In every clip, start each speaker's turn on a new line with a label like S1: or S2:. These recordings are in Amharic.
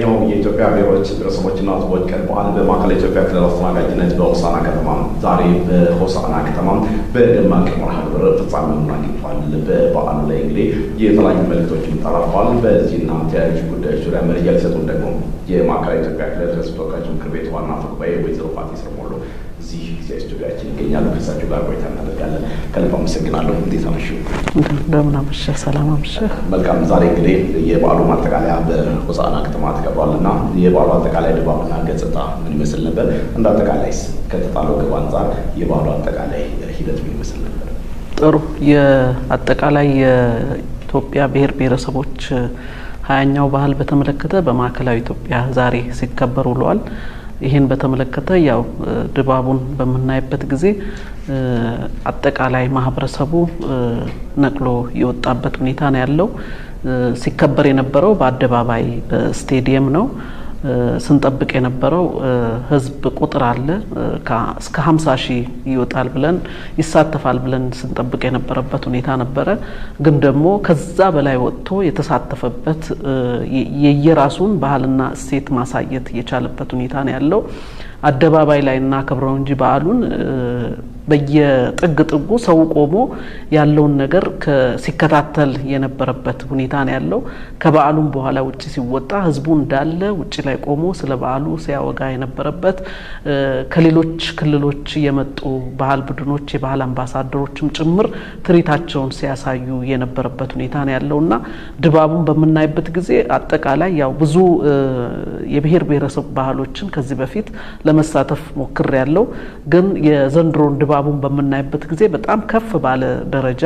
S1: ይኸው የኢትዮጵያ ብሔሮች ብሔረሰቦችና ሕዝቦች ቀን በዓል በማዕከላዊ ኢትዮጵያ ክልል አስተናጋጅነት በሆሳና ከተማ ዛሬ በሆሳና ከተማ በደማቅ መርሃ ግብር ፍጻሜውን አግኝቷል። በበዓሉ ላይ እንግዲህ የተለያዩ መልእክቶችን ተላልፏል። በዚህና ተያያዥ ጉዳዮች ዙሪያ መረጃ ሊሰጡን ደግሞ የማዕከላዊ ኢትዮጵያ ክልል ሕዝብ ተወካዮች ምክር ቤት ዋና አፈ ጉባኤ ወይዘሮ ፋቲ ስርሞሎ እዚህ ስቱዲያችን ይገኛሉ። ከእሳቸው ጋር ቆይታ እናደርጋለን። ከልብ አመሰግናለሁ። እንዴት አመሹ?
S2: እንደምን አመሸ? ሰላም አመሸ።
S1: መልካም። ዛሬ እንግዲህ የበዓሉ ማጠቃለያ በሆሳዕና ከተማ ተከብሯል እና የበዓሉ አጠቃላይ ድባብና ገጽታ ምን ይመስል ነበር? እንደ አጠቃላይስ ከተጣለው ግብ አንጻር የበዓሉ አጠቃላይ ሂደት ምን ይመስል ነበር?
S2: ጥሩ። የአጠቃላይ የኢትዮጵያ ብሔር ብሔረሰቦች ሀያኛው ባህል በተመለከተ በማዕከላዊ ኢትዮጵያ ዛሬ ሲከበር ውለዋል። ይህን በተመለከተ ያው ድባቡን በምናይበት ጊዜ አጠቃላይ ማህበረሰቡ ነቅሎ የወጣበት ሁኔታ ነው ያለው። ሲከበር የነበረው በአደባባይ በስቴዲየም ነው። ስንጠብቅ የነበረው ህዝብ ቁጥር አለ እስከ ሀምሳ ሺህ ይወጣል ብለን ይሳተፋል ብለን ስንጠብቅ የነበረበት ሁኔታ ነበረ። ግን ደግሞ ከዛ በላይ ወጥቶ የተሳተፈበት የየራሱን ባህልና እሴት ማሳየት የቻለበት ሁኔታ ነው ያለው። አደባባይ ላይ እናከብረው እንጂ በዓሉን በየጥግ ጥጉ ሰው ቆሞ ያለውን ነገር ሲከታተል የነበረበት ሁኔታ ነው ያለው። ከበዓሉም በኋላ ውጭ ሲወጣ ህዝቡ እንዳለ ውጭ ላይ ቆሞ ስለ በዓሉ ሲያወጋ የነበረበት ከሌሎች ክልሎች የመጡ ባህል ቡድኖች የባህል አምባሳደሮችም ጭምር ትርኢታቸውን ሲያሳዩ የነበረበት ሁኔታ ነው እና ድባቡን በምናይበት ጊዜ አጠቃላይ ያው ብዙ የብሔር ብሔረሰብ ባህሎችን ከዚህ በፊት ለመሳተፍ ሞክር ያለው ግን የዘንድሮን ድባ ድባቡን በምናይበት ጊዜ በጣም ከፍ ባለ ደረጃ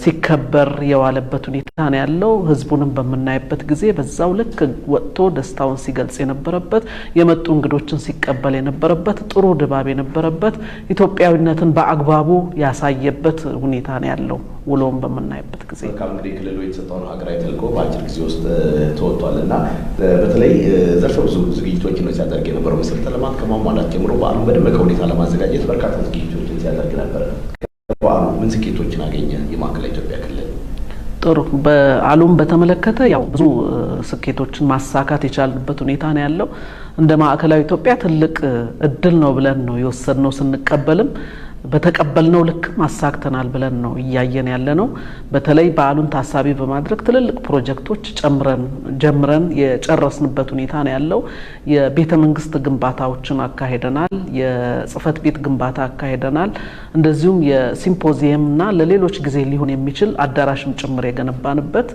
S2: ሲከበር የዋለበት ሁኔታ ነው ያለው። ህዝቡንም በምናይበት ጊዜ በዛው ልክ ወጥቶ ደስታውን ሲገልጽ የነበረበት፣ የመጡ እንግዶችን ሲቀበል የነበረበት፣ ጥሩ ድባብ የነበረበት፣ ኢትዮጵያዊነትን በአግባቡ ያሳየበት ሁኔታ ነው ያለው ውሎውን በምናይበት ጊዜ
S1: መልካም እንግዲህ ክልሉ የተሰጠውን ሀገራዊ ተልዕኮ በአጭር ጊዜ ውስጥ ተወጥቷል እና በተለይ ዘርፈ ብዙ ዝግጅቶችን ነው ሲያደርግ የነበረው። መሰረተ ልማት ከማሟላት ጀምሮ በዓሉን በደመቀ ሁኔታ ለማዘጋጀት በርካታ ዝግጅቶችን ሲያደርግ ነበረ። በዓሉ ምን ስኬቶችን አገኘ? የማዕከላዊ ኢትዮጵያ ክልል
S2: ጥሩ በዓሉም በተመለከተ ያው ብዙ ስኬቶችን ማሳካት የቻልንበት ሁኔታ ነው ያለው። እንደ ማዕከላዊ ኢትዮጵያ ትልቅ እድል ነው ብለን ነው የወሰድነው ስንቀበልም በተቀበልነው ልክ ማሳክተናል ብለን ነው እያየን ያለ ነው። በተለይ በዓሉን ታሳቢ በማድረግ ትልልቅ ፕሮጀክቶች ጨምረን ጀምረን የጨረስንበት ሁኔታ ነው ያለው። የቤተ መንግስት ግንባታዎችን አካሄደናል። የጽህፈት ቤት ግንባታ አካሄደናል። እንደዚሁም የሲምፖዚየምና ለሌሎች ጊዜ ሊሆን የሚችል አዳራሽም ጭምር የገነባንበት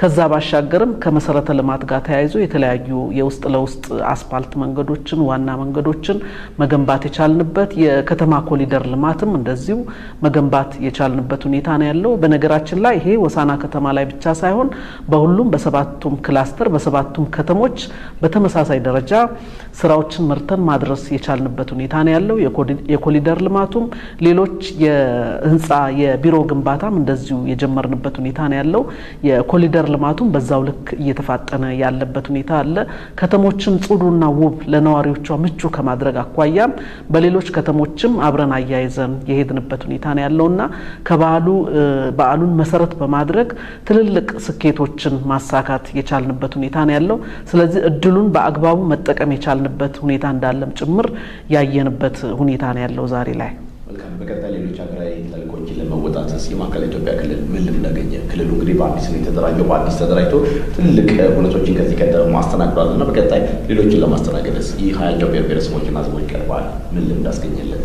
S2: ከዛ ባሻገርም ከመሰረተ ልማት ጋር ተያይዞ የተለያዩ የውስጥ ለውስጥ አስፓልት መንገዶችን፣ ዋና መንገዶችን መገንባት የቻልንበት የከተማ ኮሊደር ልማትም እንደዚሁ መገንባት የቻልንበት ሁኔታ ነው ያለው። በነገራችን ላይ ይሄ ወሳና ከተማ ላይ ብቻ ሳይሆን በሁሉም በሰባቱም ክላስተር በሰባቱም ከተሞች በተመሳሳይ ደረጃ ስራዎችን መርተን ማድረስ የቻልንበት ሁኔታ ነው ያለው። የኮሊደር ልማቱም ሌሎች የህንፃ የቢሮ ግንባታም እንደዚሁ የጀመርንበት ሁኔታ ነው ያለው። የኮሊደር የገጠር ልማቱም በዛው ልክ እየተፋጠነ ያለበት ሁኔታ አለ። ከተሞችን ጽዱና ውብ ለነዋሪዎቿ ምቹ ከማድረግ አኳያም በሌሎች ከተሞችም አብረን አያይዘን የሄድንበት ሁኔታ ነው ያለውና ከበዓሉ በዓሉን መሰረት በማድረግ ትልልቅ ስኬቶችን ማሳካት የቻልንበት ሁኔታ ነው ያለው። ስለዚህ እድሉን በአግባቡ መጠቀም የቻልንበት ሁኔታ እንዳለም ጭምር ያየንበት ሁኔታ ነው ያለው ዛሬ ላይ
S1: በቀጣይ ሌሎች ሀገራዊ ተልእኮችን ለመወጣት የማዕከላዊ ኢትዮጵያ ክልል ምን ልምድ አገኘ? ክልሉ እንግዲህ በአዲስ ነው የተደራጀው። በአዲስ ተደራጅቶ ትልቅ ሁነቶችን ከዚህ ቀደም ማስተናግዷል እና በቀጣይ ሌሎችን ለማስተናገደስ ይህ ሀያ ብሔር ብሔረሰቦችና ሕዝቦች ቀርበዋል። ምን ልምድ አስገኘለት?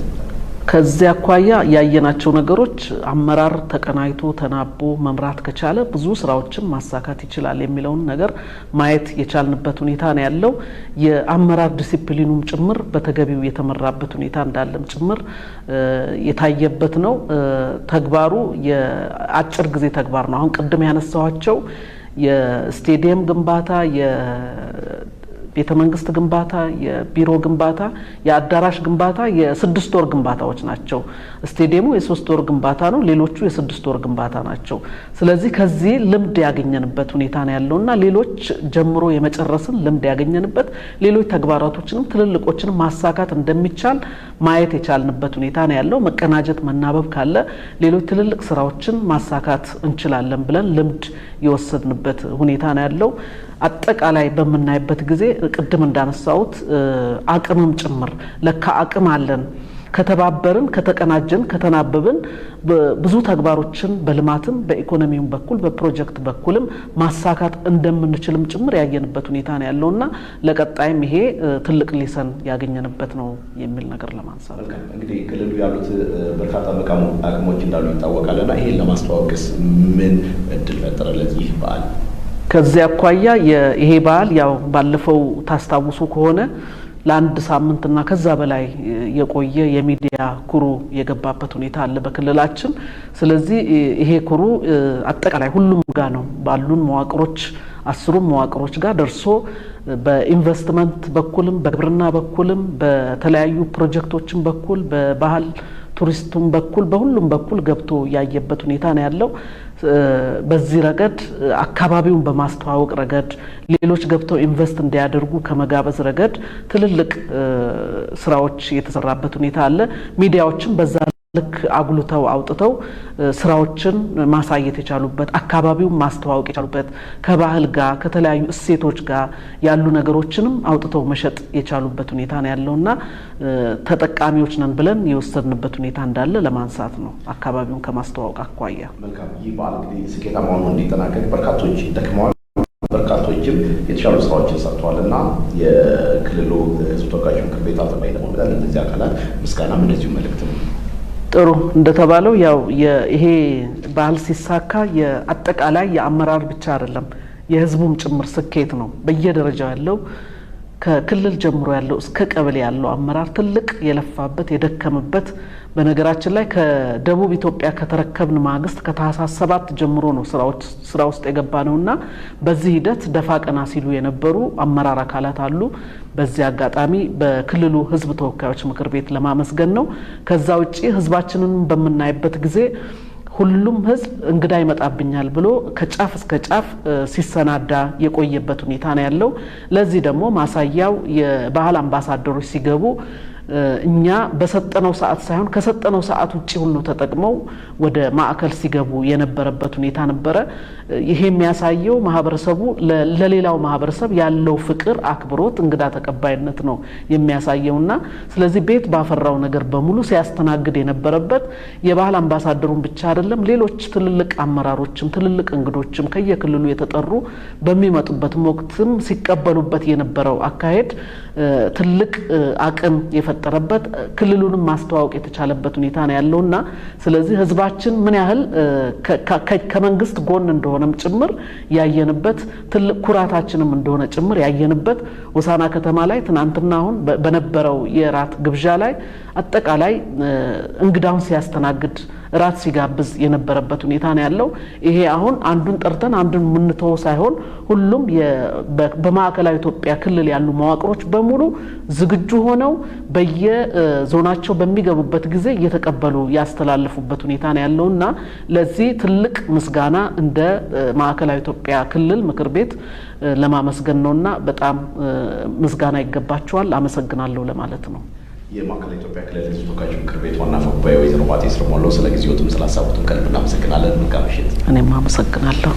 S2: ከዚህ አኳያ ያየናቸው ነገሮች አመራር ተቀናይቶ ተናቦ መምራት ከቻለ ብዙ ስራዎችን ማሳካት ይችላል የሚለውን ነገር ማየት የቻልንበት ሁኔታ ነው ያለው። የአመራር ዲሲፕሊኑም ጭምር በተገቢው የተመራበት ሁኔታ እንዳለም ጭምር የታየበት ነው። ተግባሩ የአጭር ጊዜ ተግባር ነው። አሁን ቅድም ያነሳኋቸው የስቴዲየም ግንባታ የቤተ መንግስት ግንባታ፣ የቢሮ ግንባታ፣ የአዳራሽ ግንባታ የስድስት ወር ግንባታዎች ናቸው። ስቴዲየሙ የሶስት ወር ግንባታ ነው። ሌሎቹ የስድስት ወር ግንባታ ናቸው። ስለዚህ ከዚህ ልምድ ያገኘንበት ሁኔታ ነው ያለውና ሌሎች ጀምሮ የመጨረስን ልምድ ያገኘንበት ሌሎች ተግባራቶችንም ትልልቆችንም ማሳካት እንደሚቻል ማየት የቻልንበት ሁኔታ ነው ያለው። መቀናጀት፣ መናበብ ካለ ሌሎች ትልልቅ ስራዎችን ማሳካት እንችላለን ብለን ልምድ የወሰድንበት ሁኔታ ነው ያለው። አጠቃላይ በምናይበት ጊዜ ቅድም እንዳነሳሁት አቅምም ጭምር ለካ አቅም አለን ከተባበርን ከተቀናጀን ከተናበብን ብዙ ተግባሮችን በልማትም በኢኮኖሚውም በኩል በፕሮጀክት በኩልም ማሳካት እንደምንችልም ጭምር ያየንበት ሁኔታ ነው ያለውና ለቀጣይም ይሄ ትልቅ ሊሰን ያገኘንበት ነው የሚል ነገር ለማንሳት
S1: እንግዲህ ክልሉ ያሉት በርካታ መልካም አቅሞች እንዳሉ ይታወቃልና ይሄን ለማስተዋወቅስ ምን እድል ፈጠረለት ይህ በዓል?
S2: ከዚያ አኳያ ይሄ በዓል ያው ባለፈው ታስታውሱ ከሆነ ለአንድ ሳምንትና ከዛ በላይ የቆየ የሚዲያ ኩሩ የገባበት ሁኔታ አለ በክልላችን። ስለዚህ ይሄ ኩሩ አጠቃላይ ሁሉም ጋ ነው ባሉን መዋቅሮች አስሩም መዋቅሮች ጋር ደርሶ በኢንቨስትመንት በኩልም በግብርና በኩልም በተለያዩ ፕሮጀክቶችም በኩል በባህል ቱሪስቱም በኩል በሁሉም በኩል ገብቶ ያየበት ሁኔታ ነው ያለው። በዚህ ረገድ አካባቢውን በማስተዋወቅ ረገድ ሌሎች ገብተው ኢንቨስት እንዲያደርጉ ከመጋበዝ ረገድ ትልልቅ ስራዎች የተሰራበት ሁኔታ አለ። ሚዲያዎችም በዛ ልክ አጉልተው አውጥተው ስራዎችን ማሳየት የቻሉበት አካባቢውን ማስተዋወቅ የቻሉበት ከባህል ጋር ከተለያዩ እሴቶች ጋር ያሉ ነገሮችንም አውጥተው መሸጥ የቻሉበት ሁኔታ ነው ያለውና ተጠቃሚዎች ነን ብለን የወሰድንበት ሁኔታ እንዳለ ለማንሳት ነው። አካባቢውን ከማስተዋወቅ አኳያ
S1: ይህ በዓል እንግዲህ ስኬታማ ሆኖ እንዲጠናቀቅ በርካቶች ደክመዋል፣ በርካቶችም የተሻሉ ስራዎችን ሰርተዋል እና የክልሉ ተወካዮች ምክር ቤት ደግሞ አካላት ምስጋናም እንደዚሁ ነው።
S2: ጥሩ እንደተባለው ያው ይሄ ባህል ሲሳካ የአጠቃላይ የአመራር ብቻ አይደለም የህዝቡም ጭምር ስኬት ነው። በየደረጃው ያለው ከክልል ጀምሮ ያለው እስከ ቀበሌ ያለው አመራር ትልቅ የለፋበት የደከመበት በነገራችን ላይ ከደቡብ ኢትዮጵያ ከተረከብን ማግስት ከታህሳስ ሰባት ጀምሮ ነው ስራ ውስጥ የገባ ነው እና በዚህ ሂደት ደፋ ቀና ሲሉ የነበሩ አመራር አካላት አሉ። በዚህ አጋጣሚ በክልሉ ሕዝብ ተወካዮች ምክር ቤት ለማመስገን ነው። ከዛ ውጭ ሕዝባችንን በምናይበት ጊዜ ሁሉም ህዝብ እንግዳ ይመጣብኛል ብሎ ከጫፍ እስከ ጫፍ ሲሰናዳ የቆየበት ሁኔታ ነው ያለው። ለዚህ ደግሞ ማሳያው የባህል አምባሳደሮች ሲገቡ እኛ በሰጠነው ሰዓት ሳይሆን ከሰጠነው ሰዓት ውጭ ሁሉ ተጠቅመው ወደ ማዕከል ሲገቡ የነበረበት ሁኔታ ነበረ። ይሄ የሚያሳየው ማህበረሰቡ ለሌላው ማህበረሰብ ያለው ፍቅር፣ አክብሮት፣ እንግዳ ተቀባይነት ነው የሚያሳየው እና ስለዚህ ቤት ባፈራው ነገር በሙሉ ሲያስተናግድ የነበረበት የባህል አምባሳደሩን ብቻ አይደለም ሌሎች ትልልቅ አመራሮችም ትልልቅ እንግዶችም ከየክልሉ የተጠሩ በሚመጡበትም ወቅትም ሲቀበሉበት የነበረው አካሄድ ትልቅ አቅም የፈ የተፈጠረበት ክልሉንም ማስተዋወቅ የተቻለበት ሁኔታ ነው ያለውና ስለዚህ ህዝባችን ምን ያህል ከመንግስት ጎን እንደሆነም ጭምር ያየንበት ትልቅ ኩራታችንም እንደሆነ ጭምር ያየንበት ሆሳዕና ከተማ ላይ ትናንትና አሁን በነበረው የራት ግብዣ ላይ አጠቃላይ እንግዳውን ሲያስተናግድ እራት ሲጋብዝ የነበረበት ሁኔታ ነው ያለው። ይሄ አሁን አንዱን ጠርተን አንዱን ምንተው ሳይሆን ሁሉም በማዕከላዊ ኢትዮጵያ ክልል ያሉ መዋቅሮች በሙሉ ዝግጁ ሆነው በየዞናቸው በሚገቡበት ጊዜ እየተቀበሉ ያስተላለፉበት ሁኔታ ነው ያለው እና ለዚህ ትልቅ ምስጋና እንደ ማዕከላዊ ኢትዮጵያ ክልል ምክር ቤት ለማመስገን ነውና በጣም ምስጋና ይገባቸዋል። አመሰግናለሁ ለማለት ነው። የማዕከላዊ ኢትዮጵያ ክልል ህዝብ ተወካዮች ምክር ቤት ዋና አፈ ጉባኤ ወይዘሮ ባጤ ስርሞሎ ስለ ጊዜዎትም ስለ ሀሳቦትም ከልብ እናመሰግናለን። መልካም ምሽት። እኔም አመሰግናለሁ።